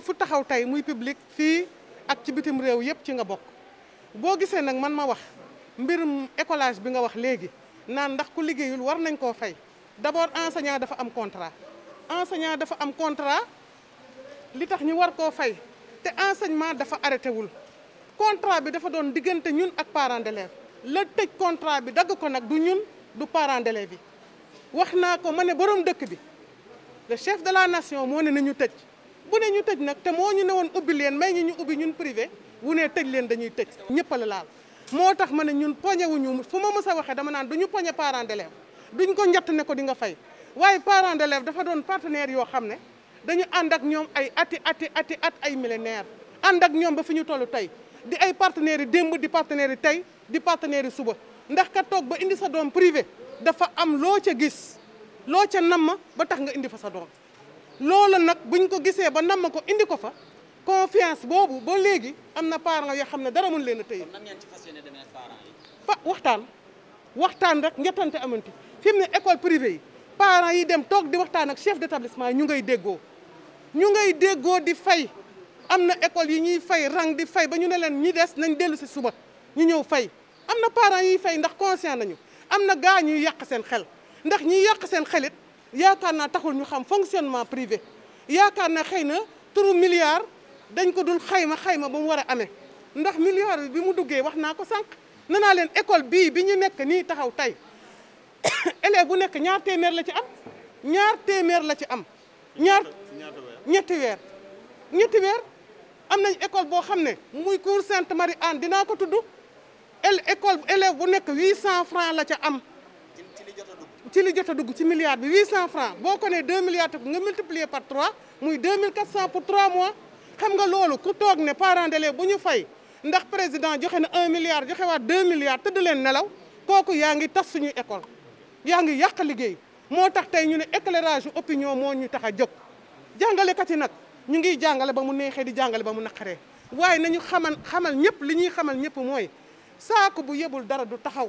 fu taxaw tey muy public fii ak ci bitim réew yëpp ci nga bokk boo gisee nag man ma wax mbirum écolage bi nga wax léegi naan ndax ku liggéeyul war nañ koo fay d'abord enseignant dafa am contrat enseignant dafa am contrat li tax ñu war koo fay te enseignement dafa arrêté wul contrat bi dafa doon diggante ñun ak parents d'élèves la tëj contrat bi dagg ko nag du ñun du parents d'élèves yi wax naa ko ma ne borom dëkk bi le chef de la nation moo ne nañu tëj bu ne ñu tëj nag te moo ñu ne woon ubbi leen may ñu ñu ubbi ñun privé wu ne tëj leen dañuy tëj ñëpp la laal moo tax ma ne ñun poñe wuñu fu ma mës a waxee dama naan dañu poñe parent d'élève duñ ko njatt ne ko dinga fay waaye parent d'élève dafa doon partenaire yoo xam ne dañu ànd ak ñoom ay ati ati ati at ay millénaire ànd ak ñoom ba fu ñu toll tey di ay partenaires yi démb di partenaires yi tey di partenaires yi suba ndax ka toog ba indi sa doom privé dafa am loo ca gis loo ca namm ba tax nga indi fa sa doom loolu nag bu buñ ko gisee ba nam ko indi ko fa confiance boobu ba léegi am na parents yoo xam ne dara mun leen a tëye. nan ngeen ci fas yéene demee parents yi. fa waxtaan waxtaan rek ngettante amanti fi mu ne école privée yi parents yi dem toog di waxtaan ak chef d'établissement ñu ngay déggoo ñu ngay déggoo di fay am na école yi ñuy fay rang di fay ba ñu ne leen ñi des nañ dellu si suba ñu ñëw fay am na parents yiy fay ndax conscient nañu am na gaa ñuy yàq seen xel ndax ñiy yàq seen xelit yaakaar naa taxul ñu xam fonctionnement privé yaakaar naa xëy na turu milliard dañ ko dul xayma xayma ba mu war a amee ndax milliard bi mu duggee wax naa ko sànq nee leen école bii bi ñu nekk nii taxaw tey élève bu nekk ñaar téeméer la ci am ñaar téeméer la ci am ñaar ñetti weer ñetti weer am nañ école boo xam ne muy cours Sainte Marie Anne dinaa ko tudd el école élève bu nekk huit cent francs la ca am ci li jot dugg ci milliard bi cent francs boo ko nee 2 milliards te nga multiplier par 3 muy 2400 pour 3 mois xam nga loolu ku toog ne parents d'élèves bu ñu fay ndax président joxe na un milliard joxe waat 2 milliards tëdd leen nelaw kooku yaa ngi tas suñu école yaa ngi yàq liggéey moo tax tey ñu ne éclairage opinion moo ñu tax a jàngale jàngalekat yi nag ñu ngi jàngale ba mu neexee di jàngale ba mu naqaree waaye nañu xamal xamal ñëpp li ñuy xamal ñëpp mooy saako bu yebul dara du taxaw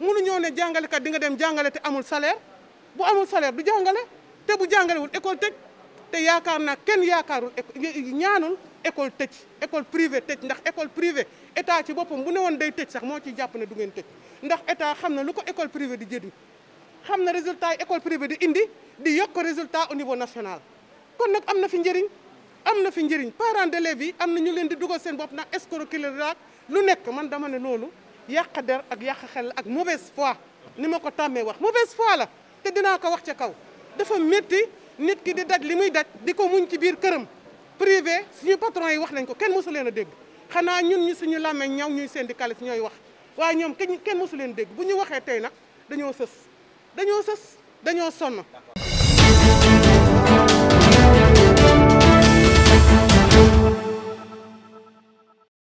munu ñoo ne jàngalekat di nga dem jàngale te amul salaire bu amul salaire du jàngale te bu jàngalewul école tëj te yaakaar na kenn yaakaarul ñaanul école tëj école privée tëj ndax école privée état ci boppam bu ne woon day tëj sax moo ciy jàpp ne du ngeen tëj ndax état xam na lu ko école privée di jëriñ xam na résultat yi école privée indi di yokk résultat au niveau national kon nag am na fi njëriñ am na fi njëriñ parents d'élèves yi am na ñu leen di dugal seen bopp ndax escroquerie lu nekk man dama ne loolu yàq der ak yàq xel ak mauvaise foi ni ma ko tàmmee wax mauvaise foi la te dina ko wax ci kaw dafa metti nit ki di daj limuy muy daj di muñ ci biir kërëm privé suñu patron yi wax nañ ko kenn musu leena a dégg xanaa ñun ñu suñu làmmeñ ñaw ñuy syndicaliste ñoy wax wa ñom kenn musu leen dégg buñu waxé tay nak dañoo seuss dañoo seuss dañoo sonn